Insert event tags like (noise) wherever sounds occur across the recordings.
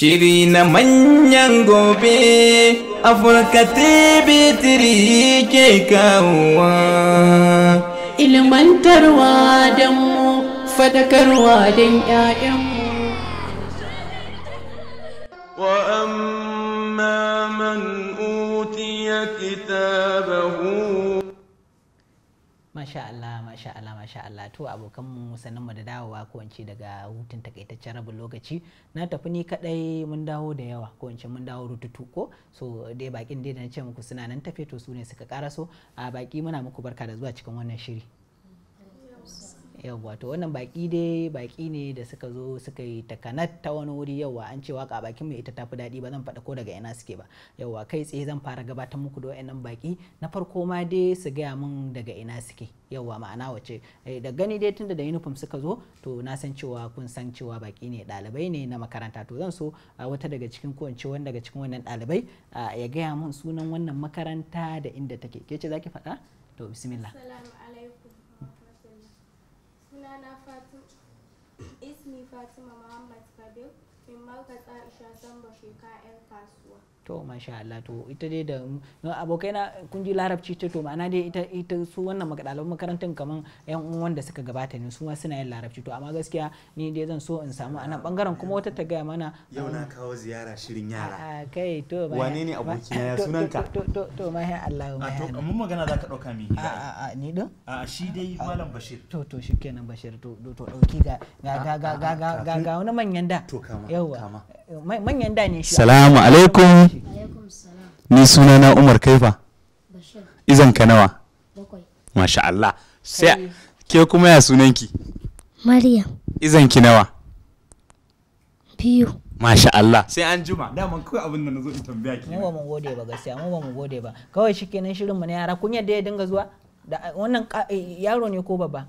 Shiri na manyan gobe Afirka TV tiri ke kawowa. Ilmantarwa don mu, fadakarwa don ‘ya'yanmu. وأما من أوتي كتابه ما شاء الله masha Allah masha Allah to abokan mu sanin mu da dawowa ko ince daga hutun takaitaccen rabin lokaci na tafi ni kadai mun dawo da yawa ko ince mun dawo rututu ko so dai bakin dai da na ce muku suna nan tafe to su ne suka karaso a baki muna muku barka da zuwa cikin wannan shiri yawwa to wannan baki dai baki ne da suka zo suka yi takanat ta wani wuri yawwa an ce waka bakin mai ita tafi daɗi ba zan faɗa ko daga ina suke ba yawwa kai tsaye zan fara gabatar muku da wayannan baki na farko ma dai su gaya mun daga ina suke yawwa ma'ana wace eh, da gani dai tunda da uniform suka zo to na san cewa kun san cewa baki ne ɗalibai ne na makaranta to zan so wata daga cikin ko wance wani daga cikin wannan ɗalibai ya gaya mun sunan wannan makaranta da inda take ke ce zaki faɗa to bismillah Fatima Muhammad Kabir, min Markas Aisha Sambo Shekara to masha Allah to ita dai da abokai na kun ji larabci ta to ma'ana dai ita ita su wannan makadalan makarantar kaman yan uwan da suka gabata ne su ma suna yin larabci to amma gaskiya ni dai zan so in samu a nan bangaren kuma wata ta gaya mana yau na um, kawo ziyara shirin yara kai to wane ne aboki na ka to to to masha Allah ma to mun magana zaka dauka mi a a ni din a shi dai malam Bashir to to shikenan Bashir to to dauki ga ga ga ga ga ga wani manyan da to kama kama manyan da ne shi salamu alaikum ni suna na umar kaifa izan ka nawa masha Allah sai ke kuma ya sunanki maryam izan ki nawa biyu masha Allah sai an juma daman kawai abin da na zo in tambaya ki mu mun gode ba gaskiya mu mun gode ba kawai shikenan shirin mu ne yara kun yadda ya dinga zuwa wannan eh, yaro ne ko babba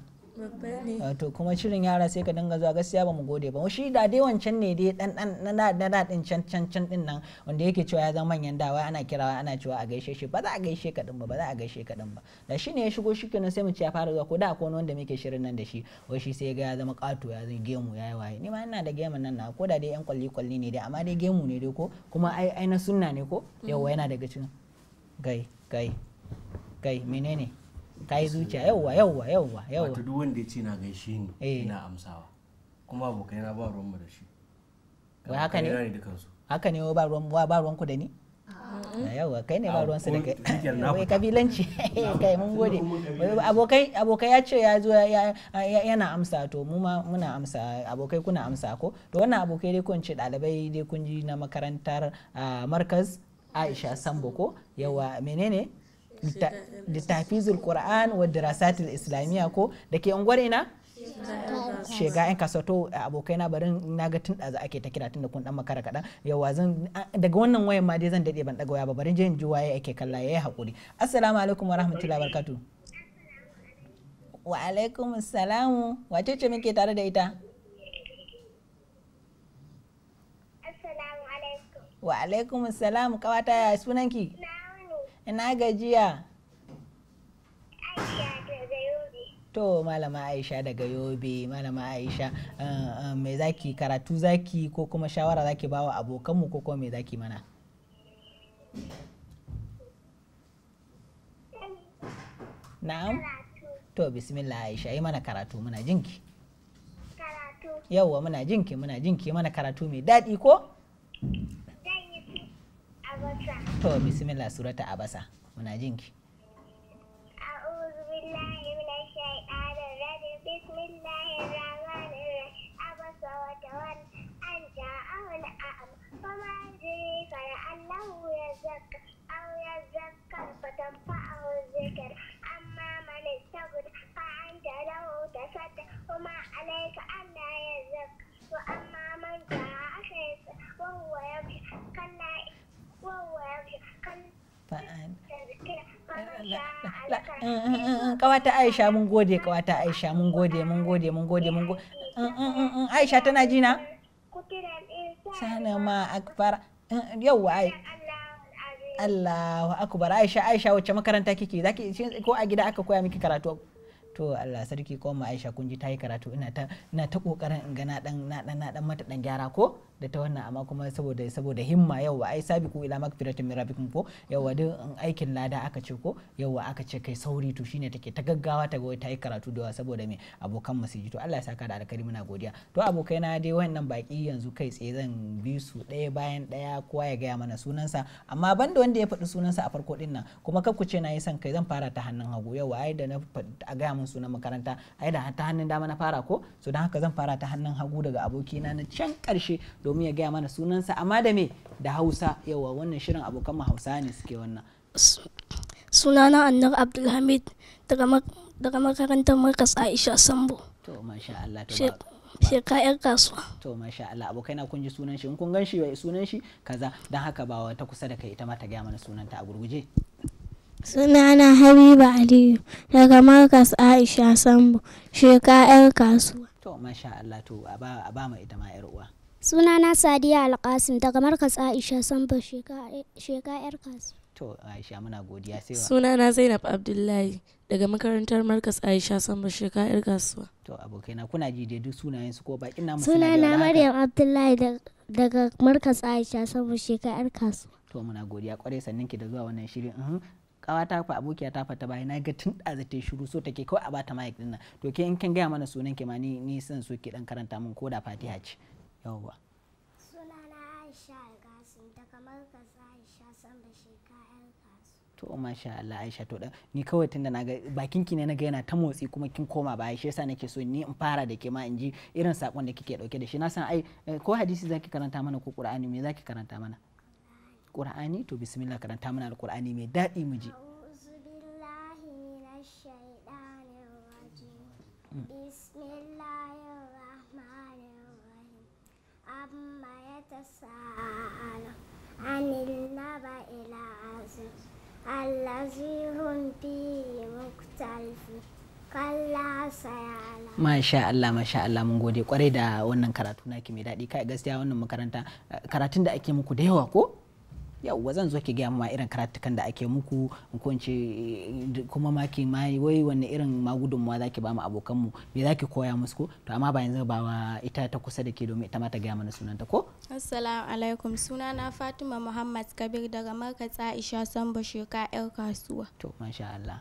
Ah, to kuma shirin yara sai ka dinga zuwa gaskiya ba mu gode ba shi da dai wancan ne dai dan dan na da da din can can can din nan wanda yake cewa ya zama manyan dawa ana kirawa ana cewa a gaishe shi ba za a gaishe ka din ba ba za a gaishe ka din ba da shi ne ya shigo shi kenan sai mu ce ya fara zuwa ko da akwai wanda muke shirin nan da shi wai shi sai ga ya zama kato ya zai gemu ya yi waye ni ma ina da gemu nan na ko da dai yan kwalli kwalli ne dai amma dai gemu ne dai ko kuma ai ai na sunna ne ko yawa yana daga cikin gai gai gai menene ta yi zuciya yauwa yauwa yauwa yauwa wata duk ya ce na gaishe ni eh. ina amsawa kuma abokai na ba ruwanmu da shi wai haka ne haka ne ba ruwan ba ruwan ku da ni ah, yauwa kai ne ba ah, ruwan su da kai wai kabilanci (laughs) (laughs) eh, kai mun gode abokai abokai ya ce ya zo yana amsa to mu ma muna amsa abokai kuna amsa ko to wannan abokai dai kun ce dalibai dai kun ji na makarantar ah, markaz Aisha Sambo ko yauwa menene littafizul qur'an wa dirasatil islamiyya ko da ke unguwar ina shega yan kasato to abokai na barin na ga tun ɗazu ake ta kira tun da kun dan makara kaɗan yawa zan daga wannan wayan ma dai zan daɗe ban ɗaga waya ba barin jin juwaye ake kalla yayi hakuri assalamu alaikum wa rahmatullahi wa barakatuh wa alaikum assalamu wace ce muke tare da ita wa alaikum salamu kawata ya sunanki ina gajiya to malama aisha daga yobe malama aisha eh, eh, mai zaki karatu zaki ko kuma shawara zaki bawa abokanmu ko kuma mai zaki mana na'am to bismillah aisha yi mana karatu muna jinki yawwa muna jinki muna jinki mana karatu mai daɗi ko to bismillah surata abasa muna jinki kawata Aisha mun gode kawata Aisha mun gode mun gode mun gode mun gode mm, mm, mm, Aisha tana jina sana ma akbar yawwa ai Allahu akbar Aisha Aisha wacce makaranta kike zaki ko a gida aka koya miki karatu to Allah sarki ko ma Aisha kun ji ta yi karatu ina ta ina ta kokarin in ga na dan na dan na dan mata dan gyara ko da ta wannan amma kuma saboda saboda himma yawa ai sabiku ila magfiratin min rabbikum ko yawa duk aikin lada aka ce ko yawa aka ce kai sauri to shine take ta gaggawa ta ga ta yi karatu da saboda me abokan mu to Allah ya saka da alkari muna godiya to abokai na dai wannan baki yanzu kai tsaye zan bi su ɗaya bayan ɗaya kowa ya gaya mana sunansa amma banda wanda ya faɗi sunansa a farko din nan kuma kakku ce na yi son kai zan fara ta hannun hagu yawa ai da na a gaya samun sunan makaranta ai da ta hannun dama na fara ko so don haka zan fara ta hannun hagu daga abokina na can karshe domin ya gaya mana sunansa amma da me da hausa yawa wannan shirin abokan mu hausa ne suke wannan sunana annar abdulhamid daga makarantar markas aisha sambo to masha Allah to kasuwa to masha Allah abokai na kun ji sunan shi in kun gan shi sunan shi kaza dan haka ba wata kusa da kai ita ma ta gaya mana sunanta a gurguje Sunana Habiba Aliyu daga Markas Aisha Sambo, sheka 'yar kasuwa. To, masha Allah to, a ba mu ita ma 'yar uwa. Sunana Sadiya Alkasim daga Markas Aisha Sambo, sheka 'yar kasuwa. To, Aisha muna godiya sai wa. Sunana Zainab Abdullahi daga makarantar Markas Aisha Sambo, sheka 'yar kasuwa. To, na kuna ji dai duk sunayen su ko bakin namu suna Sunana Maryam Abdullahi daga Markas Aisha Sambo, sheka 'yar kasuwa. To, muna godiya kwarai sannan ki da zuwa wannan shirin. Uhm, kawa ta fa abokiya ta fata bayan na ga tun ɗazu ta shiru so take kawai a bata mic din nan to ke in kan gaya mana sunan ke ma ni ni san so ki dan karanta min ko da fatiha ce yawwa sunana Aisha Alkasim ta kamar ka Aisha san da shekara to masha Allah Aisha to ni kawai tunda na ga bakin ki ne na ga yana ta motsi kuma kin koma ba shi yasa nake so ni in fara da ke ma in ji irin sakon da kike dauke da shi na san ai eh, ko hadisi zaki karanta mana ko Qur'ani me zaki karanta mana qur'ani to bismillah karanta mana alqur'ani mai daɗi mu ji mm. Masha Allah, Masha Allah mun gode kwarai da wannan karatu naki mai daɗi kai gaskiya wannan makaranta eh, karatun da ake muku da yawa ko? yauwa zan zo ki gaya ma irin karatukan da ake muku ko eh, kuma ma ki ma wai wanne irin ma za zaki ba mu abokan mu me zaki koya musu ko to amma ba yanzu ba wa ita ta kusa da ke domin ita ma ta gaya mana sunanta ko assalamu alaikum sunana Fatima Muhammad Kabir daga Markatsa Aisha Sambo Sheka yar kasuwa to masha Allah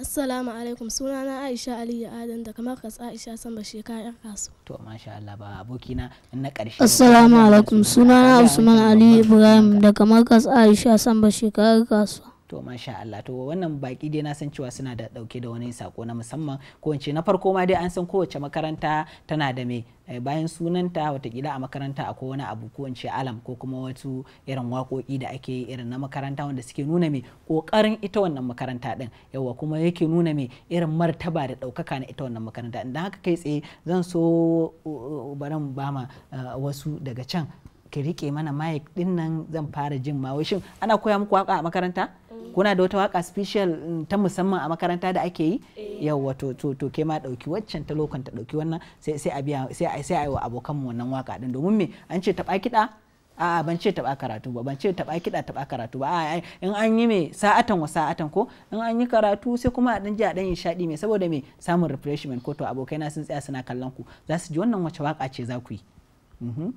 Assalamu alaikum sunana Aisha Aliyu Adam da kamar kas Aisha san shekara yar kasuwa. To masha Allah ba aboki na karshe. Assalamu alaikum sunana Usman Aliyu Ibrahim da kamar kas Aisha Samba shekarar kasuwa. to masha Allah to wannan baki dai na san cewa suna da dauke da wani sako na musamman ko in na farko ma dai an san kowace makaranta tana da me eh, bayan sunanta watakila a makaranta akwai wani abu ko in alam ko kuma wasu irin waƙoƙi da ake yi irin na makaranta wanda suke nuna me ƙoƙarin ita wannan makaranta din yawa kuma yake nuna me irin martaba da ɗaukaka na ita wannan makaranta idan haka kai tsaye zan so uh, uh, baran bama uh, wasu daga can ki rike mana mic din nan zan fara jin ma wai shin ana koya muku waka a makaranta mm. kuna da wata waka special mm, ta musamman a makaranta da ake yi eh. yawwa to to to ke ma dauki waccan ta lokan ta dauki wannan sai sai a sai sai a yi wa abokan mu wannan waka din domin me an ce taba kida a'a ban ce taba karatu ba ban ce taba kida taba karatu ba a in an yi me sa'atan wa sa'atan ko in an yi karatu sai kuma a dan ji a dan shadi me saboda me samun refreshment ko to abokaina sun tsaya suna kallon ku za su ji wannan wace waka ce za ku yi mm-hmm.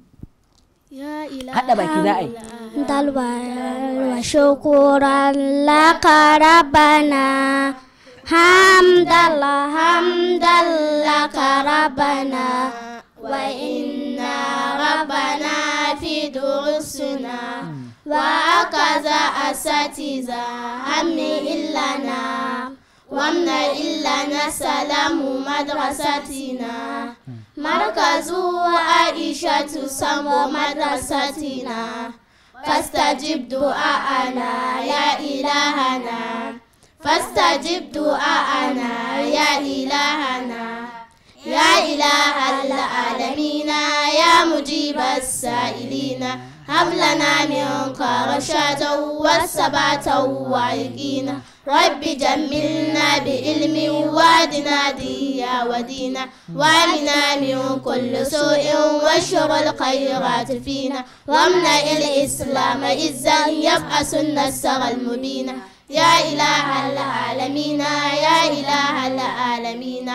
haɗa baki za a yi dalwa shukuran laka rabbana hamdallah hamdallah rabbana wa inna rabbana fi durusuna wa akaza asatiza hammi illana وامنع إلا سلام مدرستنا مركز عائشة سمو مدرستنا فاستجب دعاءنا يا إلهنا فاستجب دعاءنا يا إلهنا يا إله العالمين يا مجيب السائلين هب لنا منك رشدا وثباتا ويقينا رب جملنا بعلم وعدنا ديا ودينا وعلنا من كل سوء واشر الخيرات فينا رمنا الإسلام إزا يبعث النصر المبين يا إله العالمين يا إله العالمين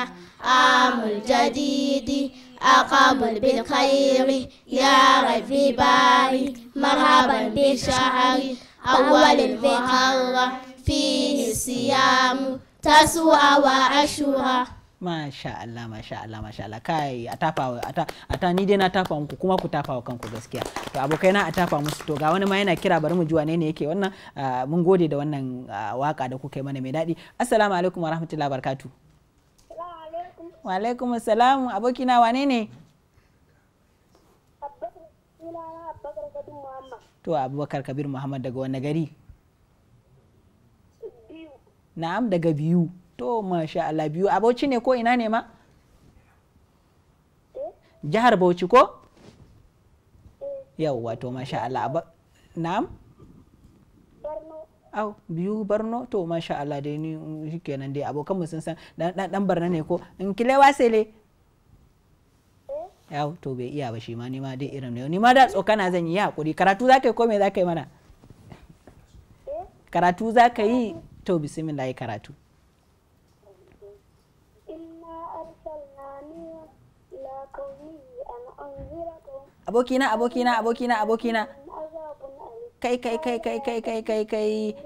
عام الجديد أقبل بالخير يا ربي بارك مرحبا بشعري أول المحرم fihi siyamu taswa wa ashura masha Allah masha Allah masha Allah kai a tafa a ta ni dai na tafa muku kuma ku tafa wa kanku gaskiya to abokai na a tafa musu to ga wani ma yana kira bari mu ji wane ne yake wannan mun gode da wannan waka da kuka yi mana mai daɗi assalamu alaikum wa rahmatullahi barkatu wa alaikum assalam abokina wane ne to abubakar kabir muhammad daga wani gari na'am daga biyu to masha Allah biyu a bauchi ne ko ina ne ma eh? jihar bauchi ko eh. yawwa to masha Allah na'am au biyu barno to masha Allah dai ni mm, shikenan dai mu sun san dan dan barna ne ko in kilewa sele eh? yau to bai iya ba shi ma ni ma dai irin ne ni ma da tsokana zan yi hakuri karatu zakai ko me zakai mana karatu zakai yi to karatu abokina abokina abokina abokina kai kai kai kai kai kai kai kai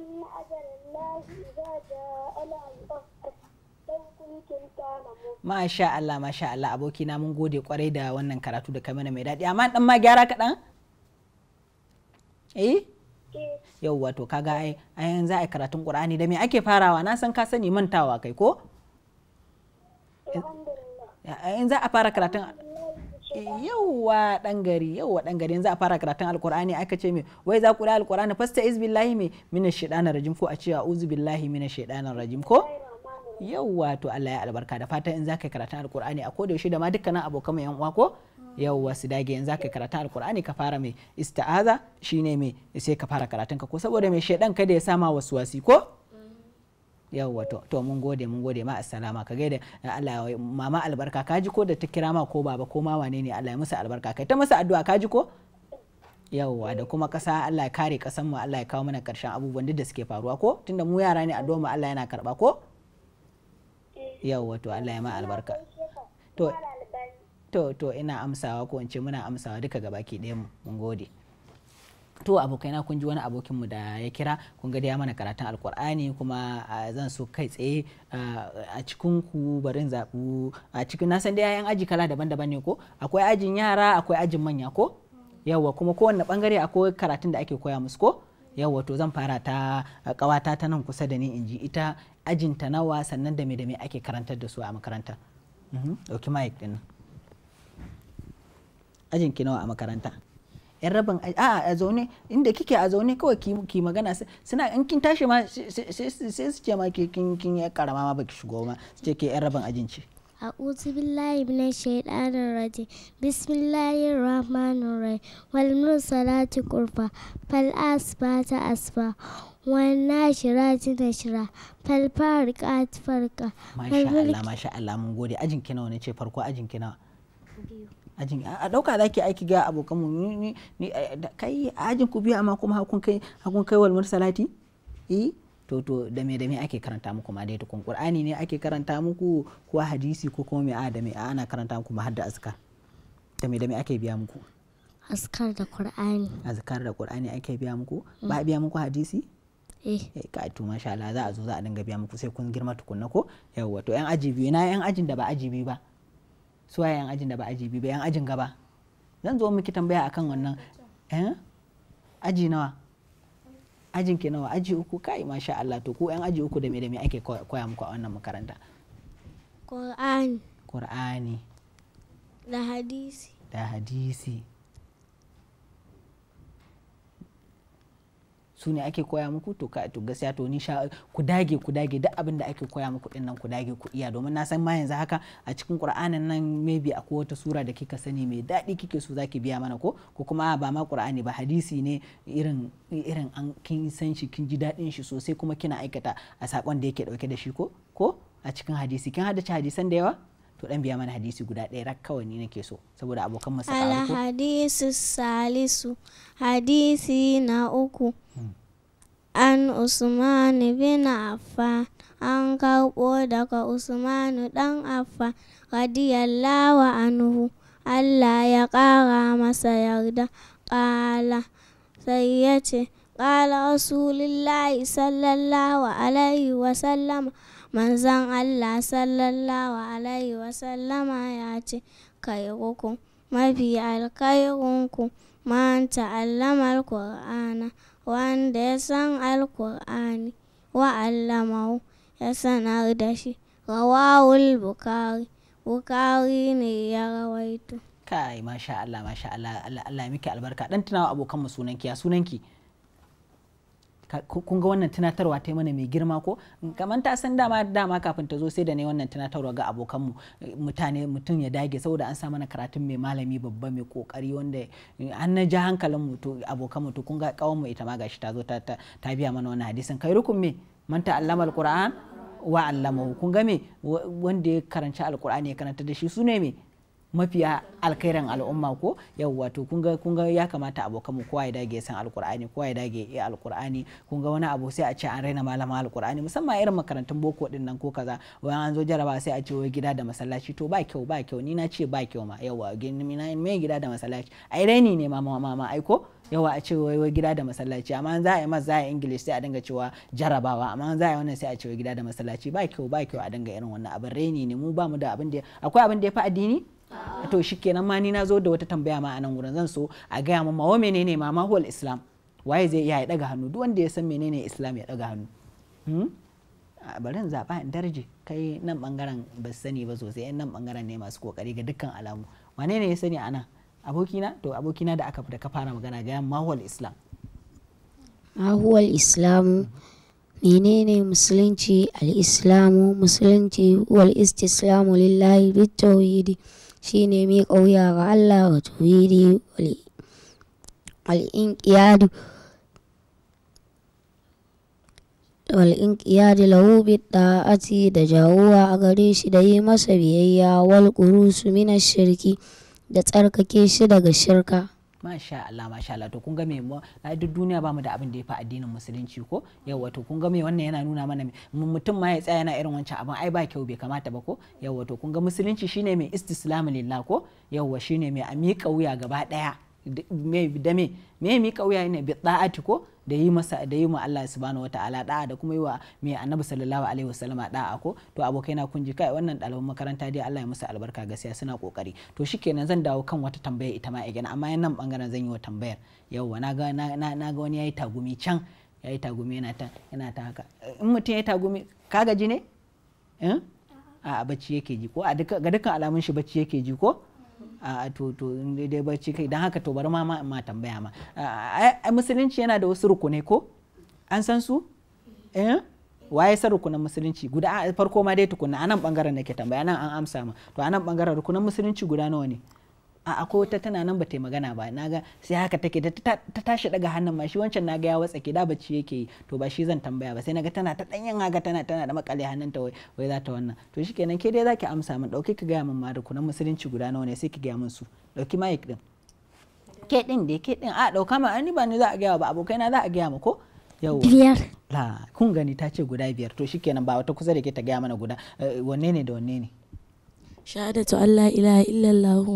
إن أجل الله إذا جاء لا يؤخر Masha Allah, masha Allah, abokina mun gode kwarai da wannan karatu da kamar mai daɗi. Amma ɗan ma gyara kaɗan? Eh? Yauwa to kaga ai a yanzu ai karatun Qur'ani da me ake farawa na san ka sani mantawa kai ko? In za a fara karatun yauwa dan gari yauwa dan gari yanzu a fara karatun alkur'ani aka ce me wai za ku da alkur'ani fasta izbillahi me minash shaitanir rajim ko a ce uzu billahi minash shaitanir rajim ko? yawwa to Allah ya albarka da fatan in zaka karatun alkur'ani a koda yaushe da ma dukkanin abokan mu yan uwa ko yawwa su dage in zaka karatun alkur'ani ka fara mai ista'aza shine mai sai ka fara karatun ka ko saboda mai shedan kada ya sama wasu wasi ko yawwa to to mun gode mun gode ma assalama ka gaida Allah mama albarka ka ji ko da ta kira ma ko baba ko ma wane ne Allah ya musu albarka kai ta musu addu'a ka ji ko yawwa da kuma kasa Allah ya kare kasan mu Allah ya kawo mana karshen abubuwan da suke faruwa ko tunda mu yara ne addu'a mu Allah yana karba ko yawwa to Allah ya ma albarka to to ina amsawa ko in muna amsawa duka baki ɗaya mu mun gode to abokaina kun ji wani abokin mu da ya kira kun ga da ya mana karatun alkur'ani kuma zan so kai tsaye a cikin ku barin zabu a cikin na san da yayan aji kala daban-daban ne ko akwai ajin yara akwai ajin manya ko yawa kuma kowanne bangare akwai karatun da ake koya musu ko yau wato zan fara ta kawata ta nan kusa da ni in ji ita ajinta nawa sannan da me da me ake karantar da su a makaranta mhm, ɗauki mic ɗin ajin ki nawa a makaranta yan rabin a a zaune inda kike a zaune kawai ki magana suna in kin tashi ma sai su ce ma kin kin ya karama ma baki shigo ma su ce ke yan rabin ajin ce أعوذ بالله من الشيطان الرجيم بسم الله الرحمن الرحيم والمرسلات قربا فالأسبات أسبا والناشرات نشرا فالفارقات فرقا ما شاء الله ما شاء الله mun gode ajin kina wani ce farko ajin kina ajin a dauka ke aiki ga abokan mu ni kai ajin ku biyu amma kuma hakun kai hakun kai mursalati to to da me da me ake karanta muku ma dai tukun qur'ani ne ake karanta muku ko hadisi ko kuma me a da me ana karanta muku ma har da azkar da me da me ake biya muku azkar da qur'ani azkar da qur'ani ake biya muku mm. ba biya muku hadisi eh, eh ka to masha Allah za a zo za a dinga biya muku sai kun girma tukunna ko yawa to yan aji biyu na yan ajin da ba aji biyu ba su yan ajin da ba aji biyu ba yan ajin gaba zan zo miki tambaya akan wannan eh aji nawa ajin ki nawa aji uku kai masha Allah to ko yan aji uku da me da me ake koya muku a wannan makaranta Qur'ani Qur'ani da hadisi da hadisi su ne ake koya muku to ka to gaskiya to ni sha ku dage ku dage duk abin da ake koya muku din nan ku dage ku iya domin na san ma yanzu haka a cikin qur'anin nan maybe akwai wata sura da kika sani mai dadi kike so zaki biya mana ko ko kuma ba ma qur'ani ba hadisi ne irin irin an kin san shi kin ji dadin shi sosai kuma kina aikata a sakon da yake dauke da shi ko ko a cikin hadisi kin hada ci hadisan da yawa to dan biya mana hadisi guda ɗaya rak kawai ni nake so saboda abokan masu al hadisu salisu hadisi na uku hmm. an usman bin affan an karɓo daga usman dan affan radiyallahu anhu allah ya ƙara masa yarda ƙala sai ya ce ƙala rasulullahi sallallahu alaihi wasallam manzon Allah sallallahu alaihi wasallama ya ce kairukum mafi alkairunku manta ta'allama alqur'ana wanda ya san alqur'ani wa allamahu ya sanar da shi rawawul bukari bukari ne ya rawaito kai masha Allah masha Allah Allah miki albarka dan tunawa abokan mu ki ya ki. kun ga wannan tunatarwa ta mana mai girma ko kamar ta san dama dama kafin ta zo sai da ne wannan tunatarwa ga abokanmu mutane mutum ya dage saboda an sa mana karatun mai malami babba mai kokari wanda an na ja hankalin mu to abokan mu kun ga kawon mu ita ma gashi ta zo ta biya mana wannan hadisin kai rukun me man allama alquran wa allama kun ga me wanda ya karanci alqur'ani ya karanta da shi sune me mafiya alkhairin al'umma ko yau wato kun ga kun ga ya kamata abokan mu kowa ya dage san alkur'ani kowa ya dage ya alkur'ani kun ga wani abu sai a ce an raina malama alkur'ani musamman irin makarantun boko din nan ko kaza wani an zo jaraba sai a ce wai gida da masallaci to ba kyau ba kyau ni na ce ba kyau ma yawwa me gida da masallaci ai raini ne ma mama ma aiko yawa a ce wai gida da masallaci amma za a yi masa za a yi english sai a dinga cewa jarabawa amma za a yi wannan sai a ce wai gida da masallaci ba kyau ba kyau a dinga irin wannan abin raini ne mu ba mu da abin da akwai abin da ya fi addini to shikenan ma ni na zo da wata tambaya ma a nan gurin zan so a gaya ma wa menene ma ma hol islam waye zai iya ya daga hannu duk wanda ya san menene islam ya daga hannu hmm? a barin zaɓa in darje kai nan bangaren ba sani ba sosai yan nan bangaren ne masu kokari ga dukkan alamu wane ne ya sani a nan abokina to abokina da aka da ka fara magana ga yan hol islam mahuwal islamu menene musulunci al-islamu musulunci wal istislamu lillahi bitawhidi shine miƙa wuya ga Allah wa tauhidi wal'inƙiyadu wal'inƙiyadi lahu bidda'ati da jawuwa a gare shi da yi masa biyayya wal su mina shirki da tsarkake shi daga shirka masha Allah masha Allah to kun ga me na duk duniya ba mu da abin da ya fi addinin musulunci ko yawa to kun ga me wannan yana nuna mana mutum ma ya tsaya yana irin wancan abin ai ba kyau bai kamata ba ko yawa to kun ga musulunci shine mai istislamu lillah ko yawa shine mai amika wuya gaba daya Dame me mi kauya ne bi da'ati ko da yi masa da yi mu Allah subhanahu wataala da'a da kuma yi wa mai annabi sallallahu alaihi wasallama da'a ko to abokai na kun ji kai wannan dalibin makaranta dai Allah ya musu albarka gaskiya suna kokari to shikenan zan dawo kan wata tambaya ita ma again amma nan bangaren zan yi wa tambayar yauwa na ga na ga wani yayi tagumi can yayi tagumi yana ta yana ta haka in mutum yayi tagumi ka gaji ne eh? a bacci yake ji ko a duka ga dukkan alamun shi bacci yake ji ko to to dai barci kai don haka to bar ma ma tambaya ma musulunci yana da wasu rukunai ko an san su eh waye sa rukunan musulunci guda farko ma dai tukunna anan bangaren nake tambaya nan an amsa ma to anan bangaren rukunan musulunci guda nawa ne a ko wata tana nan ba ta magana ba naga sai haka take ta tashi daga hannun ma shi wancan naga ya watsa ke da bacci yake yi to ba shi zan tambaya ba sai naga tana ta danyen haka tana tana da makale hannun ta wai za ta wannan to shikenan ke dai zaki amsa min dauki ki gaya min ma kunan musulunci guda nawa ne sai ki gaya min su dauki mic din ke din dai ke din a dauka ma ani ba ni za a gaya ba abokai za a gaya ma ko yau biyar la kun gani ta ce guda biyar to shikenan ba wata kusa da ke ta gaya mana guda eh, wanne ne da wanne ne shahadatu Allah ilaha illallah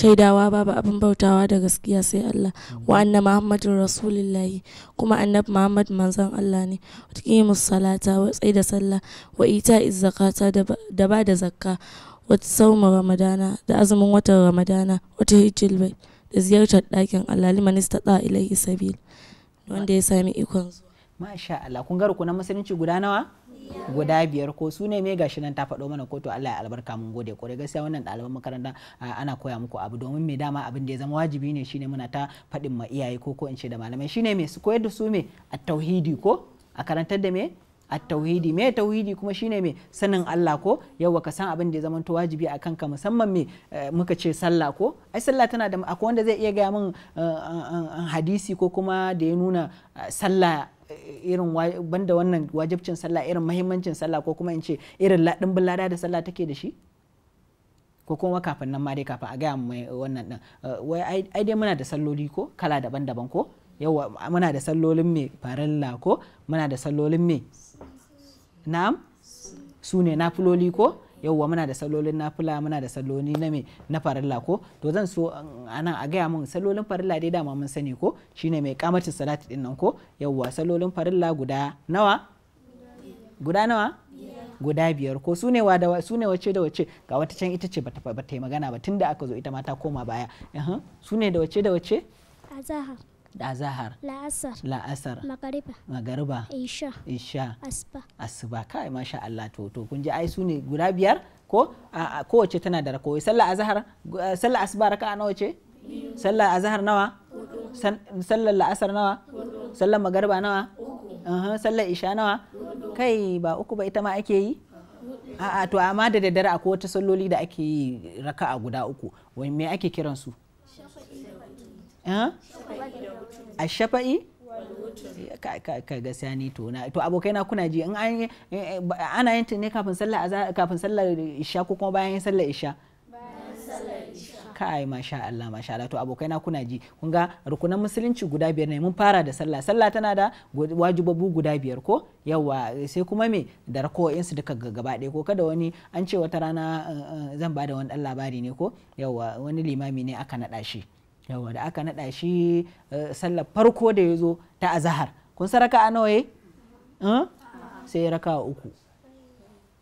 shaidawa babu abin bautawa da gaskiya sai Allah wa anna muhammadur rasulullah kuma annabi muhammad manzon Allah ne wa salata wa da sallah wa ita'iz zakata da ba da zakka wa tsauma ramadana da azumin watan ramadana wata hijjil bai da ziyartar dakin allah liman istata ilaihi sabil wanda ya sami ikon zuwa masha Allah kun ga rukunan musulunci guda nawa guda biyar ko su ne mai gashi nan ta faɗo mana ko to Allah ya albarka mun gode kore gaskiya wannan ɗaliban makaranta ana koya muku abu domin mai dama abin da ya zama wajibi ne shine muna ta faɗin ma iyaye ko ko in ce da malamai shine me su koyar da su me a tauhidi ko a karantar da me a tauhidi me tauhidi kuma shine me sanin Allah ko yawa ka san abin da ya zama to wajibi a kanka musamman me eh, muka ce sallah ko ai sallah tana da akwai wanda zai iya gaya min eh, eh, hadisi ko kuma da ya nuna sallah irin banda wannan wajibcin sallah irin mahimmancin sallah ko kuma in ce irin ɗimbin lada da sallah take da shi ko kuma kafin nan ma dai kafin a gaya mai wannan ɗin eh, wai ai dai muna da salloli ko kala daban-daban ko yawa muna da sallolin mai farilla ko muna da sallolin mai na'am su ne na fuloli ko yauwa muna da salolin na fula muna da saloli na me na farilla ko to zan so um, nan a gaya mun salolin farilla dai dama mun sani ko shine mai kamatin salati din nan ko yauwa salolin farilla guda nawa guda nawa guda biyar ko sune wa da sune wace da wace ga wata can ita ce bata bata magana ba tunda aka zo ita mata koma baya sune da wace da wace azahar da azahar la'asar la'asar magariba magariba isha isha asba asba kai masha Allah to to kun ji ai su ne guda biyar ko a kowace tana da rakowi sallah azahar eh, sallah asba raka'a nawa ce sallah azahar nawa sallah la'asar nawa sallah magariba nawa sallah isha nawa kai ba uku ba ita ma ake yi a'a to amma da daddare akwai wata salloli da ake yi raka'a guda uku wai me ake kiransu su a shafa'i ka ga sani to to abokai na kuna ji eh, eh, ana yin ne kafin sallar kafin isha ko kuma bayan sallar isha kai masha Allah masha Allah to abokai na kuna ji kun ga rukunan musulunci guda biyar ne mun fara da sallah sallah tana da wajibabu guda biyar ko yawa sai kuma me da rako'in su duka gaba ɗaya ko kada wani an ce wata rana eh, zan bada wani dan labari ne ko yawa wani limami ne aka naɗa shi yawa da aka naɗa shi eh, sallar farko da ya zo ta azahar kun sa raka nawa ya eh? sai ya raka uku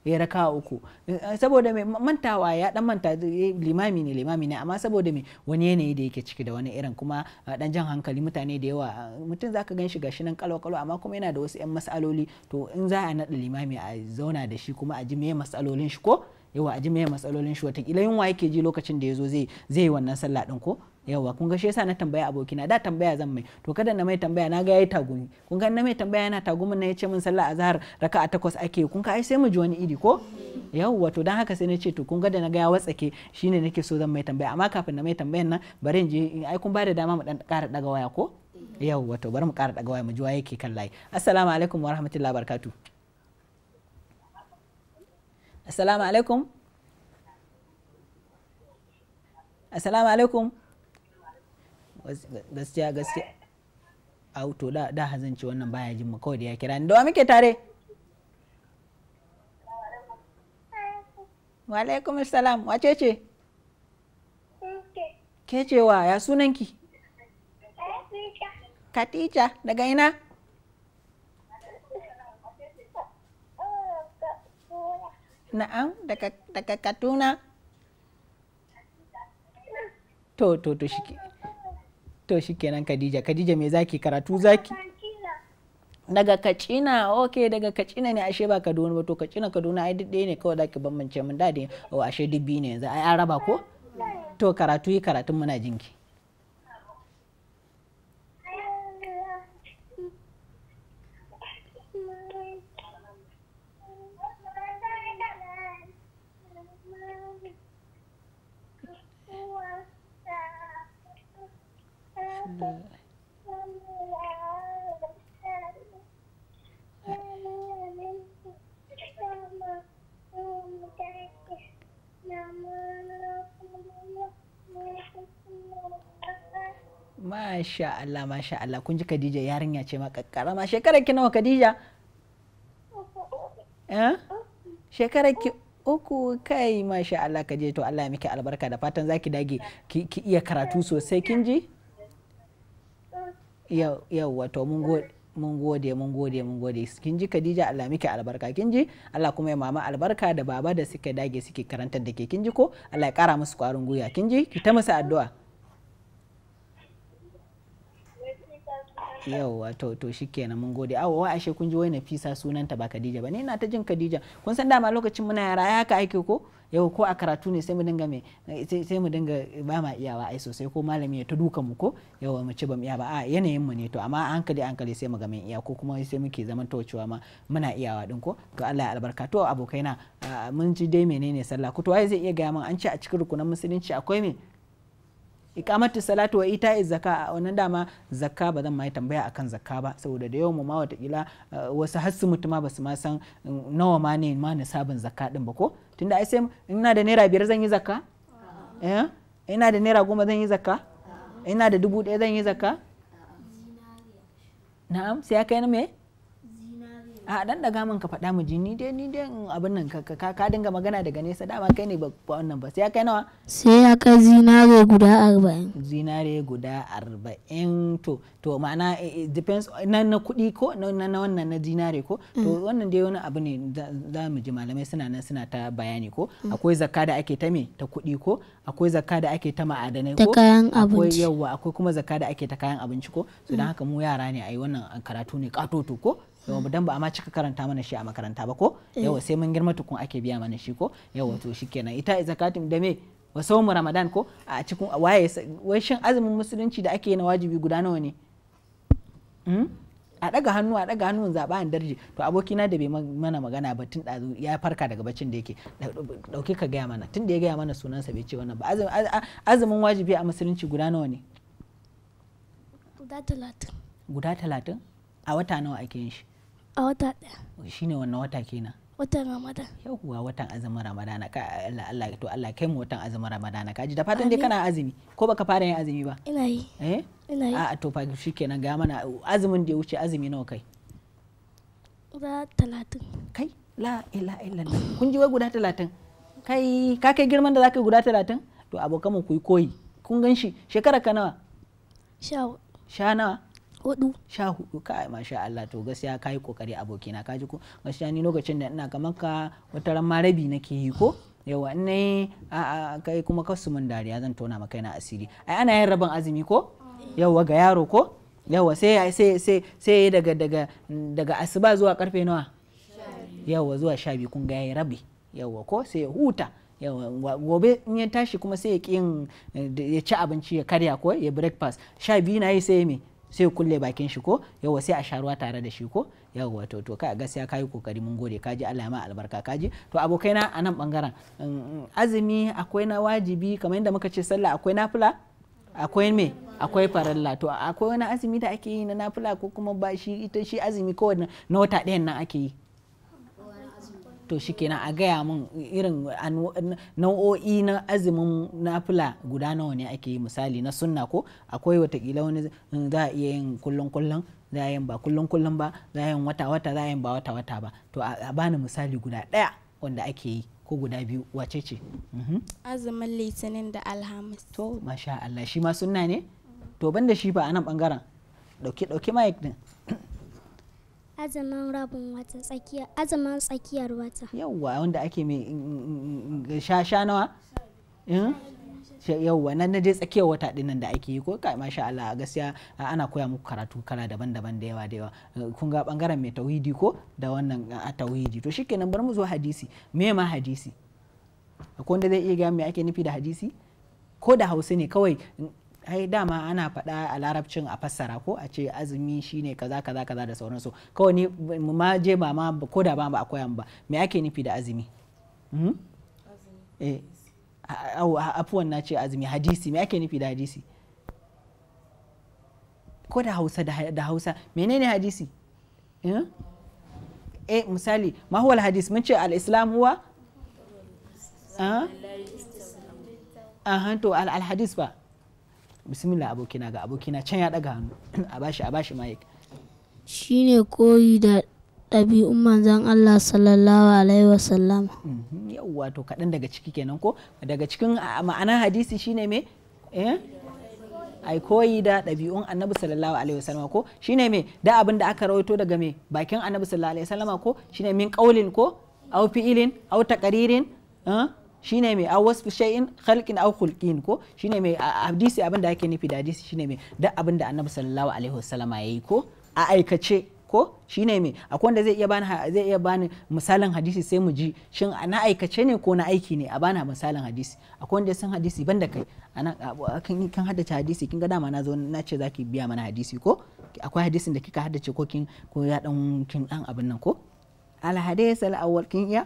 ya raka uku eh, saboda mai mantawa ya dan manta limami ne limami ne amma saboda mai wani yanayi da yake ciki da wani irin kuma dan jan hankali mutane da yawa mutum zaka gan shi gashi nan kalo kalo amma kuma yana da wasu yan masaloli to in za a naɗa limami a zauna da shi kuma a ji me masalolin shi ko yawa a ji mai matsalolin shi watakila wa yake ji lokacin da ya zo zai yi wannan sallah din ko yawa kun ga shi yasa na tambaya abokina da tambaya zan mai to kada na mai tambaya na ga yayi tagumi kun ga na mai tambaya yana tagumin na yace min sallah azhar raka'a takwas ake kun ka ai sai mu ji wani iri ko yawa to dan haka sai na ce to kun ga da na ga ya watsake shine nake so zan mai tambaya amma kafin na mai tambayan nan bari in je ai kun ba dama mu dan ƙara daga waya ko yawa to bari mu ƙara daga waya mu ji waye yake kan layi assalamu alaikum warahmatullahi wabarakatuh assalamu alaikum assalamu alaikum gaskiya gaskiya auto da da hazanci wannan baya jin mu kawai da ya kira ni da wa muke tare wa alaikum assalam wace ce ke cewa ya sunanki katija daga ina na'am daga daga kaduna to to to shike to shikenan khadija khadija me zaki karatu zaki daga kacina ok daga kacina ne ashe ba kaduna ba to kacina kaduna ai duk ɗaya ne kawai zaki bambance mun dadi dai oh, ashe dubi ne yanzu ai an raba ko to karatu yi karatun muna jinki Masha Allah, Masha Allah, kun ji Khadija yarinya ce ma karama. Shekarar ki nawa Khadija? Eh? Shekarar ki uku kai Masha Allah Khadija to Allah ya miki albarka da fatan zaki dage ki iya karatu sosai kin ji? yawwa to mun gode mun gode mun gode mun gode kin ji Khadija Allah miki albarka kin ji Allah kuma ya mama albarka da baba da suke dage suke karantar da ke kin ji ko Allah ya kara musu kwarin gwiwa kin ji ki ta musu addu'a yauwa to to shikenan mun gode awa wa ashe kun ji wai nafisa sunanta ba kadija ba ne ina ta jin Khadija kun san dama lokacin muna yara ya ka aike ko yau ko a karatu ne sai mu dinga me sai mu dinga ba ma iyawa ai sosai ko malami ya ta duka mu ko yau mu ci ba mu iya ba a yanayin mu ne to amma hankali hankali sai mu ga mun iya ko kuma sai muke zaman cewa ma muna iyawa din ko to Allah ya albarka to abokaina mun ji dai menene sallah ko to ai zai iya ga mun an ci a cikin rukunan musulunci akwai me ikamatu salatu wa ita zakka a wannan dama zakka ba zan ma tambaya akan zakka ba saboda da yawan mu ma watakila eh, wasu hassu mutuma ba su ma san mm, nawa ma ne ma na sabon zakka din ba ko tunda ai sai ina da naira biyar zan yi zakka eh ina da naira goma zan yi zakka ina da dubu ɗaya zan yi zakka na'am sai ya kai na me a dan daga min ka faɗa mu ji ni dai ni dai abin nan ka ka dinga magana daga nesa dama kai ne ba wannan ba sai ya kai nawa sai ya kai zinare guda 40 zinare guda 40 to to ma'ana eh, eh, depends na na kuɗi ko na na wannan na zinare ko to mm. wannan dai wani abu ne za mu ji malamai suna nan suna ta bayani ko mm. akwai zakka da ake ta me ta kuɗi ko akwai zakka da ake ta ma'adanai ko akwai yawa akwai kuma zakka da ake ta kayan abinci ko so dan mm. haka mu yara ne yi wannan karatu ne katoto ko mu dan ba a ma cika karanta mana shi a makaranta ba ko eh. yau sai mun girma tukun ake biya mana shi ko yau to shikenan ita zakatun da me wa saumu ramadan ko a cikin waye wai shin azumin musulunci da ake yi na wajibi guda nawa ne hmm? a daga hannu a daga hannun zaba an darji to abokina da bai mana magana ba tun ɗazu ya farka daga bacin da yake dauke ka gaya mana tun da ya gaya mana sunansa bai ce wannan ba azumin wajibi a musulunci guda nawa ne guda talatin guda talatin a wata nawa ake yin shi a wata ɗaya shine wannan wata kenan watan ramadana yauwa watan azumin ramadana ka Allah Allah to Allah kai mu watan azumin ramadana ka ji da fatan dai kana azumi ko baka fara yin azumi ba ina yi eh ina yi a to fa shikenan ga mana azumin da ya wuce azumi nawa kai guda talatin kai la ila illa kun ji wai guda talatin kai ka kai girman da zaka guda talatin to abokan mu kuyi koyi kun gan shi shekara ka nawa sha sha nawa hudu sha hudu masha Allah to gaskiya yi kokari abokina kaji ko gaskiya ni lokacin da ina kamar ka wata ran ma rabi nake yi ko yawa ne a kai kuma kasumin dariya zan tona maka na asiri ai ana yin rabin azumi ko yawa ga yaro ko yawa sai sai sai sai daga daga daga asuba zuwa karfe nawa yawa zuwa sha biyu kun ga yayi rabi yawa ko sai ya huta gobe in ya tashi kuma sai ya ci abinci ya karya ko ya breakfast sha biyu na yi sai me sai kulle bakin shi ko yawa sai a sharuwa tare da shi ko yawa to to ka gaskiya kayi kokari mun gode kaji Allah ya ma albarka kaji to abokaina a nan bangaren mm, mm, azumi akwai na wajibi kamar yadda muka ce sallah akwai nafila akwai me akwai faralla to akwai wani azumi da ake yi na nafila ko kuma ba shi ita shi azumi kowanne na wata ɗayan nan ake yi to shi kenan a gaya min irin nau'o'i na azumin nafila guda nawa ne ake yi misali na sunna ko akwai watakila wani za a iya yin kullum kullum za a yin ba kullum kullum ba za a yin wata wata za a yin ba wata wata ba to a bani misali guda ɗaya wanda ake yi ko guda biyu wace ce mhm. azumin litinin da alhamis to masha Allah shi ma sunna ne to banda shi ba a nan bangaren dauke dauke mic din azaman rabin wata tsakiyar azaman tsakiyar wata yawwa wanda ake mai sha nawa eh? yawwa nan na je tsakiyar wata dinnan da ake yi ko ka masha Allah gaskiya ana koya muku karatu kala daban-daban da yawa da yawa eh, kun ga bangaren mai tauhidi ko da wannan a tauhidi to shikenan bar mu zo hadisi me ma hadisi akwai wanda zai iya ga me ake nufi da hadisi ko da hausa ne kawai ai dama ana faɗa a larabcin a fassara ko a ce azumi shine kaza kaza kaza da sauransu kawai ni ma je ba ma ko da ba a koyan ba me ake nufi da azumi hmm? eh afuwan na ce azumi hadisi me ake nufi da hadisi ko da hausa da hausa menene hadisi eh, eh misali ma huwa hadis mun ce al-islam huwa ah? to al-hadis ba bismillah abokina ga abokina can ya daga hannu (clears throat) a bashi a bashi mayik shine koyi da ɗabi'un manzan Allah sallallahu alaihi wasallam mhm. yawwa to kaɗan daga ciki kenan ko daga cikin ma'ana hadisi shine me eh ai koyi da ɗabi'un annabi sallallahu alaihi wasallam ko shine me da abin da aka rawaito daga me bakin annabi sallallahu alaihi wasallam ko shine min ƙaulin ko au fi'ilin au taqririn eh? Shi ne mai awas shay'in khalqin aw khulqin ko shi ne mai hadisi abin da ake nufi da hadisi ne mai duk abin da annabi sallallahu alaihi wasallama yayi ko a aikace ko ne mai akwai wanda zai iya bani zai iya bani misalin hadisi sai mu ji shin na aikace ne ko na aiki ne a bana misalin hadisi akwai wanda san hadisi ban da kai ana kan kan haddace hadisi kin ga dama na zo na ce zaki biya mana hadisi ko akwai hadisin da kika haddace ko kin ko ya dan kin dan abin nan ko al hadis al awwal kin iya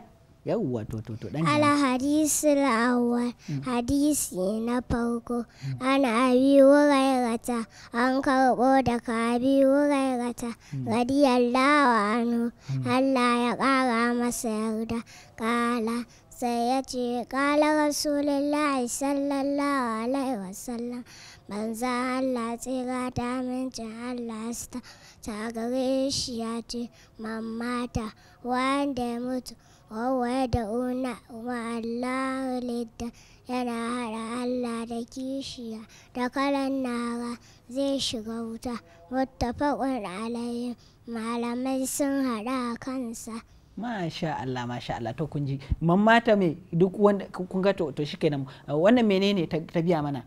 yawwa to to to dan ala hadisi awwal mm. hadisi na farko ana abi hurairata an karbo da abi hurairata radiyallahu anhu mm. Allah ya kara masa yarda kala sai ya ce kala rasulullahi sallallahu alaihi wasallam manza Allah tsira ta mincin Allah ta gare shi ya ce mamata wanda ya mutu وهو da مع الله للدا yana hada Allah da kishiya da karan nawa zai shiga wuta wata muttafaqun alayhi malamai sun haɗa kansa masha Allah masha Allah to kun ji mamata me duk wanda kun ga to shikenan wannan menene ta biya mana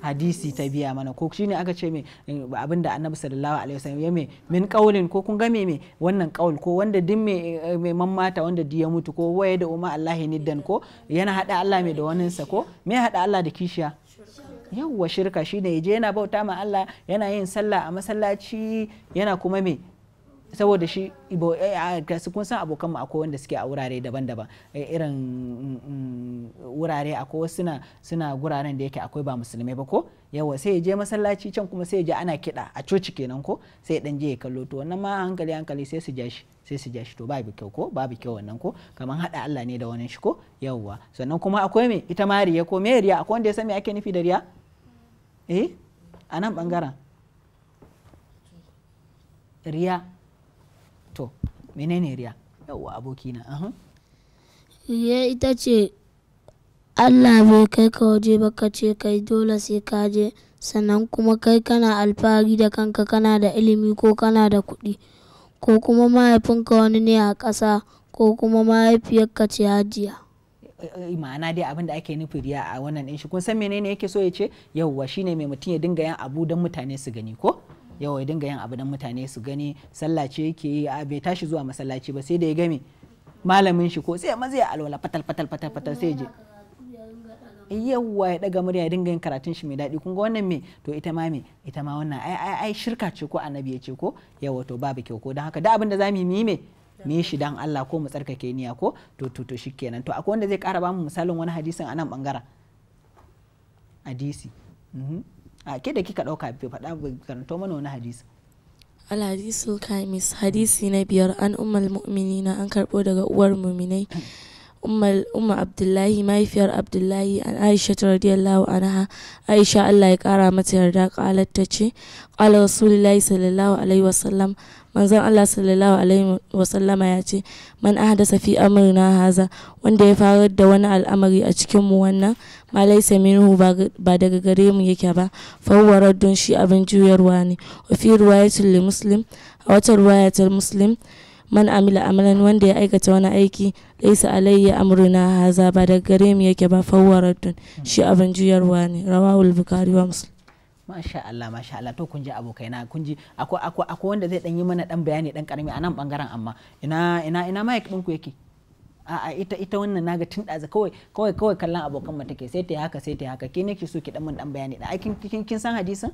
hadisi ta biya mana ko shine aka ce me eh, abinda annabi sallallahu alaihi wasallam ya me min kaulin ko kun ga me wannan kaul ko wanda din me eh, mai mamata wanda ya mutu ko waye da umma Allah niddan ko yana hada Allah me da wanin sa ko me hada Allah da kishiya yawwa shirka shine yaje yana bauta ma Allah yana yin sallah a masallaci yana kuma me saboda shi eh, kun san abokanmu akwai wanda suke a wurare daban-daban eh, irin mm, mm, wurare akwai wasu suna guraren da yake akwai ba musulmai ba ko yawa sai ya je masallaci can kuma sai ya je ana kiɗa a coci kenan ko sai ya dan je ya kallo to wannan ma hankali hankali sai su ja shi sai su ja shi to babu kyau ko babu kyau wannan ko kamar hada Allah ne da wannan shi ko yawa sannan kuma akwai me ita ma riya ko me riya akwai wanda ya san me ake nufi da riya eh a nan bangaren riya to menene riya yauwa abokina ita ce allah bai kai ka waje ba ka ce kai dole sai ka je sannan kuma kai kana alfahari da kanka kana da ilimi ko kana da kuɗi ko kuma mahaifinka wani ne a ƙasa ko kuma mahaifiyarka ce hajiya eh, eh, ma'ana dai abin da ake nufi riya a wannan ɗin shi kun san menene yake so ya ce yauwa shine mai mutum ya dinga yan abu don mutane su gani ko yau ya dinga yin abu don mutane su gani sallah ce yake yi a bai tashi zuwa masallaci ba sai da ya game malamin shi ko sai maza ya alwala fatal fatal fatal fatal sai je yawwa ya daga murya ya dinga yin karatun shi mai daɗi kun ga wannan me to ita ma me ita ma wannan ai ai ai shirka ce ko annabi ya ce ko yawa to babu kyau ko don haka da abin da zamu yi me me shi dan Allah ko mu tsarkake niyya ko to to to shikenan to akwai wanda zai kara bamu misalin wani hadisin anan bangaren hadisi mm -hmm. a ke da kika dauka bai faɗa bai karanto mana wani hadisi alhadisul kamis hadisi na biyar an ummul mu'minina an karbo daga uwar mu'minai (clears throat) umma abdullahi mahaifiyar abdullahi an aisha radiyallahu anha aisha allah ya kara mata yarda kalar ta ce kala rasulullahi sallallahu alaihi wasallam manzon Allah sallallahu alaihi wasallama ya ce man ahdasa fi amrina haza wanda ya farar da wani al'amari a cikin mu wannan ma laysa minhu ba daga gare mu yake ba fa huwa raddun shi abin juyarwa ne wa fi riwayatul li muslim a wata riwayatul muslim man amila amalan wanda ya aikata wani aiki laysa alayya amruna haza ba daga gare mu yake ba fa huwa raddun shi abin juyarwa ne rawahul bukhari wa muslim masha Allah masha Allah to kun ji abokai na kun ji akwai akwai akwai wanda zai dan yi mana dan bayani dan karami a nan bangaren amma ina ina ina mic din ku yake a'a ita ita wannan naga tun daza. kawai kawai kawai kallon abokan mu take sai ta haka sai ta haka ke nake so ki dan mun dan bayani da aikin kin kin san hadisin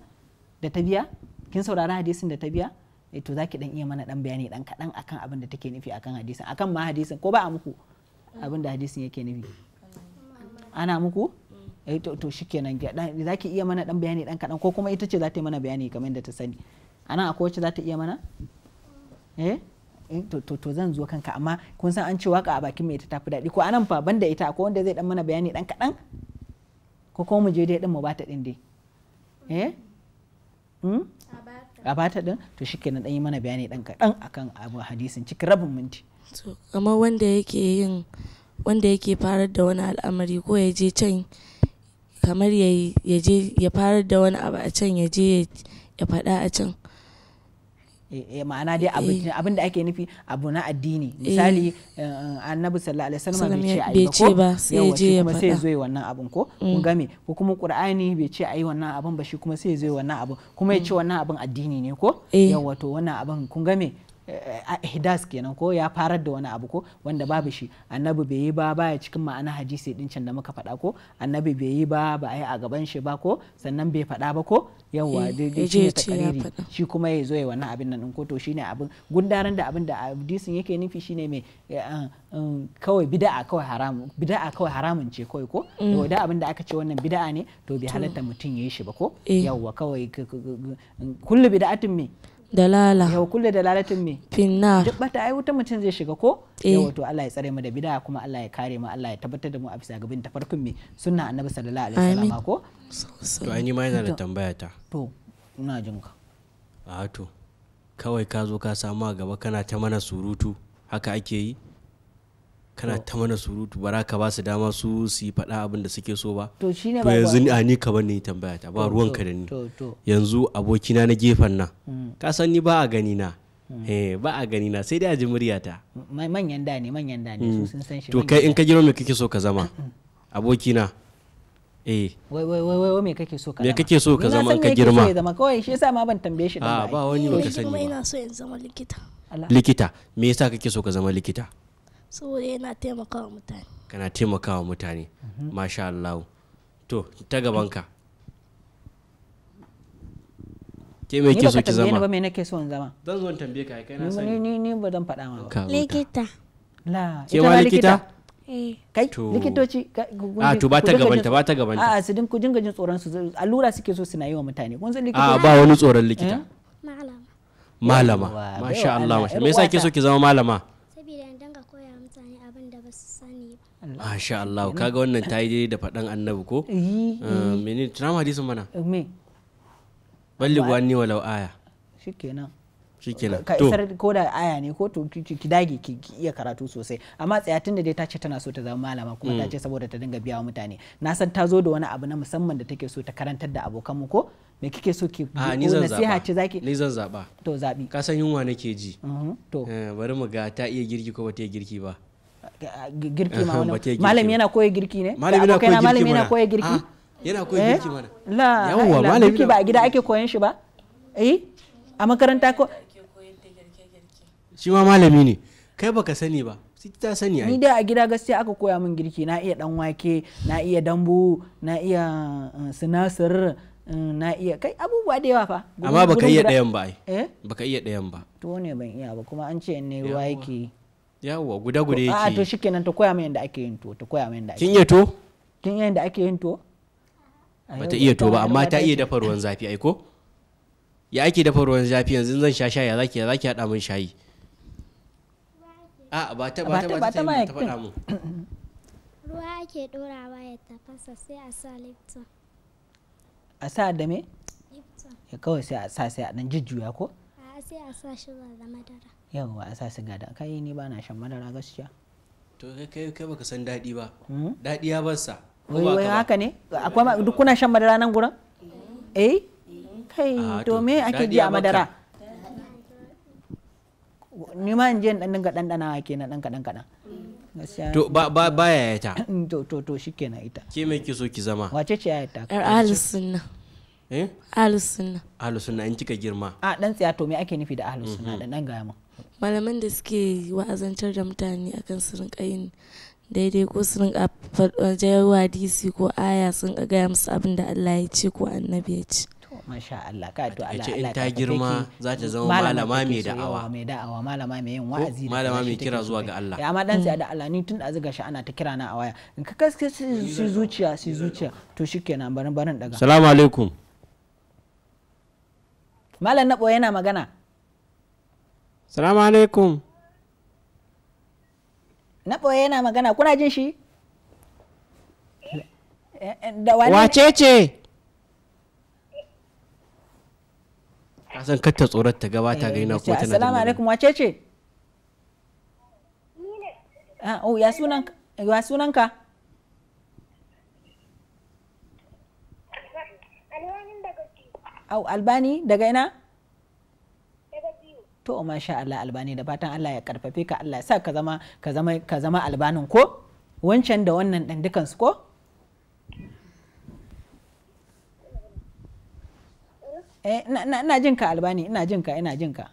da ta biya kin saurara hadisin da ta biya eh to zaki dan iya mana dan bayani dan kadan akan abin da take nufi akan hadisin akan ma hadisin ko ba a muku abin da hadisin yake nufi ana muku Eh, to to shikenan za ki iya mana dan bayani dan kadan ko kuma ita ce za ta yi mana bayani kamar yadda ta sani anan akwai wacce za ta iya mana eh, eh to to zan zo kanka amma kun san an ce waka a bakin mai ta tafi daɗi ko anan fa banda ita akwai wanda zai dan mana bayani dan kadan ko kuma mu je dai din mu bata din dai eh hmm? a bata din to shikenan dan yi mana bayani dan kadan akan abu hadisin cikin rabin minti to amma wanda yake yin wanda yake farar da wani al'amari ko ya je can kamar ya je ya fara da wani abu a can ya je ya faɗa a can eh, eh, ma'ana dai eh. abin da ake nufi abu na addini misali annabi sallallahu alaihi wasallam bai ce ba ko sai ya je ya sai ya zo wannan abun ko kun mm. game ko kuma qur'ani bai ce ayi wannan abun ba shi kuma sai ya zo wannan abun kuma ya ce mm. wannan abun addini ne ko yawa to wannan abun kun game ihdas kenan ko ya farar da wani abu ko wanda babu shi annabi bai yi ba baya cikin ma'ana hadisi din can da muka faɗa ko annabi bai yi ba ba a yi a gaban shi ba ko sannan bai faɗa ba ko yawa eh, daidai shi ta shi kuma ya zo ya wannan abin nan ko to shine abin gundaran da abin da hadisin yake nufi shine mai eh, eh, kawai bida'a kawai haramun bid'a kawai haramun ce kawai ko mm. da abin da aka ce wannan bida ne to bai halatta mutum ya yi shi ba ko yawa kawai kullu bida'atin me dalala yau kullu dalalatin me finna duk bata ai wuta mutum zai shiga ko eh. yau to Allah ya tsare mu da bid'a kuma Allah ya kare mu Allah ya tabbatar da mu a bisa gabin tafarkin me sunna annabi sallallahu alaihi wasallam ko to ai ni ma yana da tambaya ta to ina jin ka a to kawai ka zo ka samu a gaba kana ta mana surutu haka ake yi kana ta mana surutu ba ka ba su dama su su yi faɗa abin da suke so ba to ne ba yanzu a ni ka ne tambaya ta ba ruwan ka da ni yanzu abokina na gefen nan mm. ka san ni ba a gani na mm. eh ba a gani na sai dai a ji muryata manyan da ne manyan da ne mm. sun san shi to kai in ka girma me kake so ka zama abokina eh wai wai wai wai me kake so ka zama me kake so ka zama ka girma zama kawai shi yasa ma ban tambaye shi da ba ah, wani ba ka sani ba ina so in zama likita likita me yasa kake so ka zama likita saboda yana taimakawa mutane kana taimakawa mutane mhm. masha Allah to ta gabanka ke me ke so ki zama ba me nake so in zama zan zo tambaye ka kai na sani ni ni ba dan faɗa ma ba likita la ke ma likita eh. kai likitoci a ah, to ba ta gaban ta ba ta gaban ta a su din ku dinga jin tsoron su allura suke so suna yi wa mutane kun san likita a ah, ba wani tsoron likita eh? malama malama masha Allah masha me yasa ke so ki zama malama Masha Allah kaga wannan ta yi da faɗan annabi ko? Eh, eh, eh. Ah, mene tunan hadisin mana? Me. Balli ni walau aya. Shikenan. Shikenan. Ka isar ko da aya ne ko to ki dage ki iya karatu sosai amma tsaya da dai ta ce tana so ta zama malama kuma ta mm. ce saboda ta dinga biya mutane na san ta zo da wani abu na musamman da take so ta karantar da abokanmu ko? me kike so ki ah, a ni zan zaba ce zaki ni zan zaba to zabi ka san yunwa nake ji mm-hmm. to bari mu ga ta iya girki ko ba ta iya girki ba girki ma (laughs) wani malami yana koya girki ne malami ah, yana koya girki yana koya girki mana la yawwa malami girki ba a gida ake koyan shi ba eh a makaranta ko shi ma malami ne kai baka sani ba ta sani ni dai a gida gaskiya aka koya min girki na iya dan wake na iya dambu na iya eh, sinasir eh, na iya kai abubuwa da yawa fa amma baka iya dayan ba eh baka iya dayan ba to ne ban iya ba kuma an ce ne ruwa yake yawo guda guda ah, yake a to shikenan ta koya min yadda ake yin to ta koya min yadda ake kin iya to kin yi yadda ake yin to bata iya to ba amma ta iya dafa ruwan zafi ai ko ya ake dafa ruwan zafi yanzu zan sha shayi ya zaki ya zaki hada min shayi a ah, ba ta ba ta ba ta ta faɗa mu (coughs) ruwa ake dorawa ya tafasa sai a sa lipton a sa da me ya kawai sai a sa sai a dan jujjuya ko a sai a sa shi da madara yawwa a sa siga da kai ni ba na shan madara gaskiya to kai kai baka san dadi ba hmm? dadi ya bar sa wai haka ne akwai duk kuna shan madara nan gurin eh, eh? eh. kai ah, to me ake ji a madara ni ma in je in dinga dandana kenan dan kadan kadan to ba ba ba ya ta (laughs) mm, to to to shikenan ita ke me ke so ki zama wace ce ya ta ahlus sunna eh ahlus sunna sunna in kika girma a dan tsaya to me ake nufi da ahlus mhm. sunna dan dan ga mu malaman da suke wa'azantar da mutane akan su rinka yin daidai ko su rinka jawo hadisi ko aya sun ga gaya musu abin da Allah ya ce ko annabi ya ce masha Allah ka to Allah in ta girma za ta zama malama mai da'awa mai da'awa malama mai yin wa'azi malama mai kira zuwa ga Allah ya eh, ma dan sai hmm. da Allah ni tun da zuga shi ana ta kira na a waya in ka kaske su zuciya su zuciya to shikenan barin barin daga assalamu alaikum malam nabo yana magana salamu alaikum na ɓoye yana magana kuna jin shi wace ce a san katta tsoron ta gabata ga yana eh, kuma tana salamu alaikum wace ce ah, oh, ya sunan ya sunan ka au albani daga ina to oh, masha Allah albani da fatan Allah ya karfafe ka Allah ya sa ka zama ka zama ka zama albanin ko wancan da wannan dan dukan su ko eh ina jin ka albani ina jin ka ina jin ka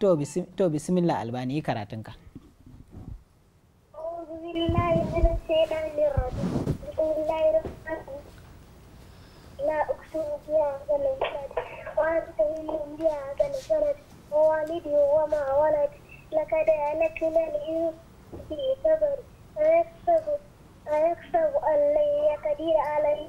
to bisim to bismillah albani karatun ka لا أكثر فيها ولا وأنته بها كان سند ووالد وما ولد لقد أهلكنا الإنس في كبر أيكسب أيكسب أن لن يقدر عليه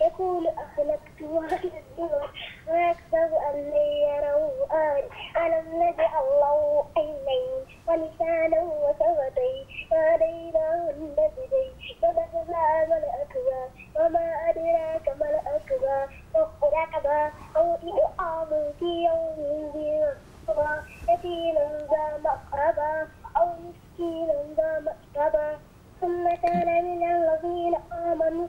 يقول أخلقت أهل الدور ويكسب أن يروا آن ألم نجعل الله عينين ولسانا وشفتين وهديناه النجدين فنجزى ما الأكبر وما أدراك ما الأكبر وقل أكبر أو إطعام في يوم ذي مسقبة يتيما ذا مقربة أو مسكينا ذا مقربة ثم كان من الذين آمنوا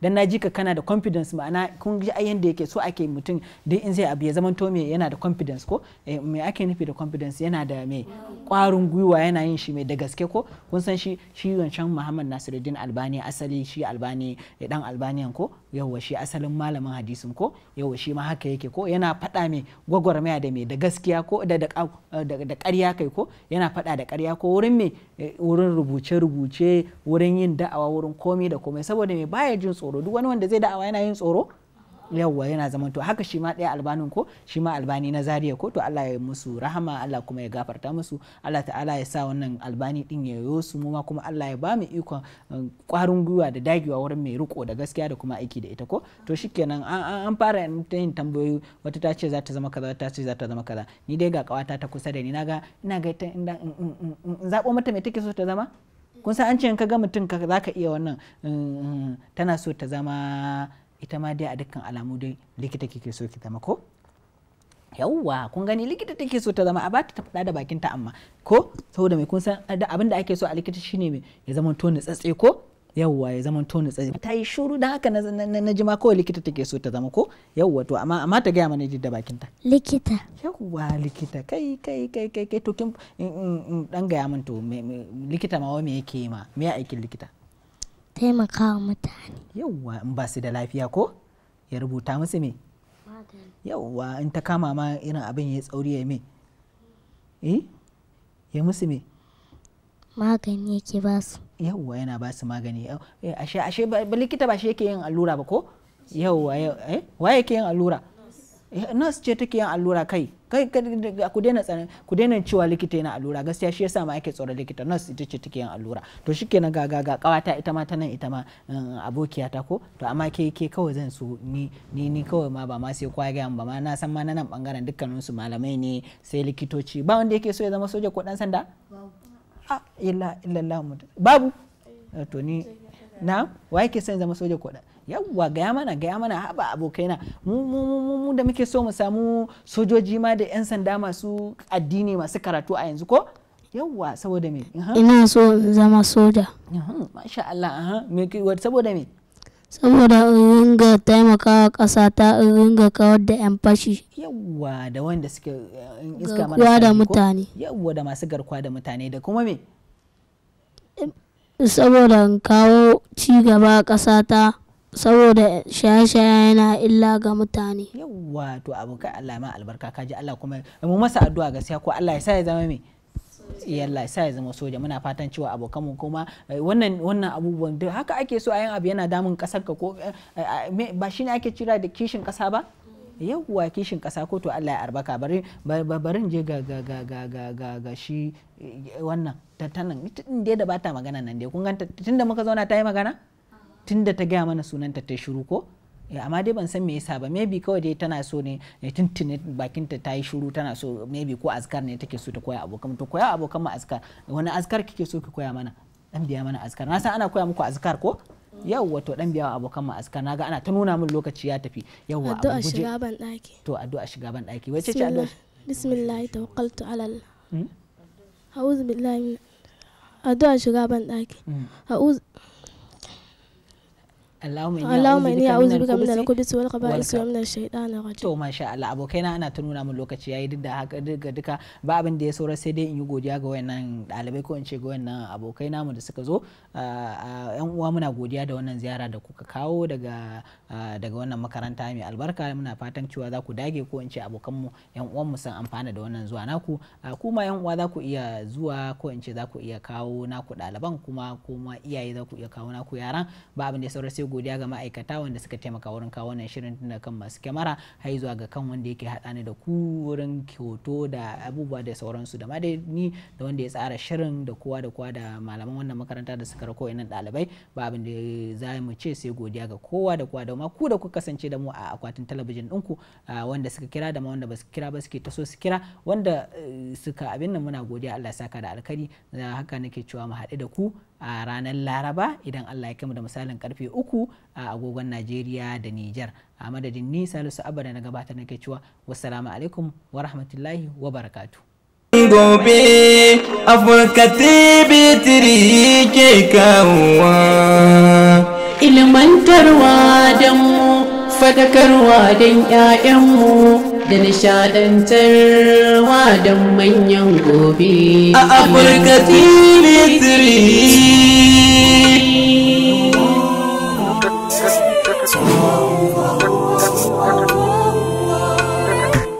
dan na ji ka kana da confidence ma'ana kun ji ai yanda yake so ake mutum duk in zai abu ya zama to me yana da confidence ko eh, me ake nufi da confidence yana da me kwarin gwiwa yana yin shi mai da gaske ko kun san shi shi wancan Muhammad Nasiruddin Albani asali shi Albani dan eh, Albaniyan ko yawa shi asalin malamin hadisin ko yawa shi ma haka yake ko yana faɗa me gwagwarmaya da me da gaskiya ko da da eh, ƙarya kai ko yana faɗa da ƙarya ko wurin me wurin rubuce rubuce wurin yin da'awa wurin komai da komai saboda me baya jin tsoro tsoro duk wani wanda zai da'awa yana yin tsoro yawwa yana zaman to haka shi ma ɗaya albanin ko shi ma albani na zariya ko to Allah ya yi musu rahama Allah kuma ya gafarta musu Allah ta'ala ya sa wannan albani din ya yo su mu ma kuma Allah ya ba mu ikon kwarin um, gwiwa da dagewa wurin mai riko da gaskiya da kuma aiki da ita ko to shikenan an fara ta yin tambayoyi wata ta ce za ta zama kaza ta ce za ta zama kaza ni dai ga kawata ta kusa da ni naga ina ga ta in zabo mata mai take so ta zama kun san an ce ka ga mutum za ka iya wannan eh, eh, tana so ta zama ita ma dai a dukkan alamu dai likita kike so ki zama ko yawwa kun gani likita take so ta zama a bata ta faɗa da bakin ta amma ko saboda mai kun san abin da ake so a likita shine mai ya zama to tsatse ko yawwa ya zama tona tsaye ta yi shuru da haka na jima ko likita take so ta zama ko yawwa to amma amma ta gaya mana ji da bakinta likita yawwa likita kai kai kai kai kai to kin dan gaya min to likita ma wa me yake ma me ya aikin likita taimakawa mutane yawwa in ba su da lafiya ko ya rubuta musu me yawwa in ta kama ma irin abin ya tsauri ya me eh ya musu me magani yake ba su yawwa yana ba su magani eh, ashe ashe ba likita ba shi yake yin allura ba ko yawwa eh wa yake yin allura eh, nurse ce take yin allura kai kai ku daina ku daina cewa likita yana allura gaskiya shi yasa ma ake tsoron likita nurse ita ce take yin allura to shikenan ga ga ga kawata ita ma ta nan ita ma eh, abokiya ta ko to amma ke ke kawai zan su ni ni ni kawai ma ba ma sai kwa ga ba ma na san ma na nan bangaren dukkanin su malamai ne sai likitoci ba wanda yake so ya zama soja ko dan sanda illa illallah babu eh, to ni na wa yake son zama soja koda yawwa gaya mana gaya mana haba abokaina mu mu mu mu da muke so mu samu sojoji ma da yan sanda masu addini masu karatu a yanzu ko yawwa saboda me ina so zama soja masha Allah saboda me saboda in ringa taimakawa ƙasa ta in ringa kawar da 'yan fashi yawwa da wanda suke eh, iska mana da mutane yawwa da masu garkuwa da mutane da kuma me saboda in kawo ci gaba ƙasa ta saboda shaye-shaye yana illa ga mutane yawwa to kai Allah ma albarka kaji Allah kuma mu masa addu'a gaskiya ko Allah ya sa ya zama me yalla sa ya zama soja muna fatan cewa abokanmu kuma eh, wannan wannan abubuwan duk haka ake so a yin abu yana damun kasar ka ko eh, eh, ba shine ake cira da kishin kasa ba yawwa kishin kasa ko to Allah ya arbaka bari barin je ga ga ga ga ga ga shi wannan tattanan tun da ba magana nan dai kun ganta tunda muka zauna ta yi magana tunda ta gaya mana sunanta ta shiru ko Eh, amma dai ban san me yasa ba maybe kawai dai tana so ne eh, tuntune bakin ta yi shuru tana so maybe ko azkar ne take so ta koya abokan to koya abokan mu azkar wani azkar kike so ki koya mana dan biya mana azkar na san ana koya muku azkar ko yawwa to dan biya abokan mu azkar naga ana ta nuna min lokaci ya tafi yawwa addu'a shiga ban daki to addu'a shiga ban daki wace ce addu'a bismillah tawakkaltu ala Allah hmm? a'udhu billahi addu'a shiga ban daki hmm. a'udhu Allahumma inni Allahumma inni a'udhu bika min al-khubuthi wal khaba'is wa min ash rajim. To masha Allah ana ta nuna mun lokaci yayi duk da haka duka duka ba abin da ya saura sai dai in yi godiya ga wayannan dalibai ko in ce ga wayannan abokai namu da suka zo yan uwa muna godiya da wannan ziyara da kuka kawo daga daga wannan makaranta mai albarka muna fatan cewa za ku dage ko in ce abokan mu yan uwan mu san amfana da wannan zuwa naku kuma yan uwa za ku iya zuwa ko in ce za ku iya kawo naku kuma kuma iyaye za ku iya kawo naku yaran ba abin da ya saura sai godiya ga ma'aikata wanda suka taimaka wurin kawo wannan shirin tun kan masu kyamara har zuwa ga kan wanda yake haɗa ni da ku wurin hoto da abubuwa da sauransu da ma dai ni da wanda ya tsara shirin da kowa da kowa da malaman wannan makaranta da suka rako inan ɗalibai ba abin da za mu ce sai godiya ga kowa da kowa da ma ku da ku kasance da mu a akwatin talabijin ɗinku wanda suka kira da ma wanda ba su kira ba suke taso su kira wanda eh, suka abin nan muna godiya Allah ya saka da alkari haka nake cewa mu haɗu da ku a ranar laraba idan allah ya kama da misalin karfe uku a agogon najeriya da nijar a madadin ni salisu abada na gabatar na kecewa wassalamu alaikum wa rahmatullahi wa barakatu gobe afirka tibitiri ke kawowa ilmantarwa don mu fadakarwa don 'ya'yanmu da shaɗantarwa don manyan gobe a afirka tv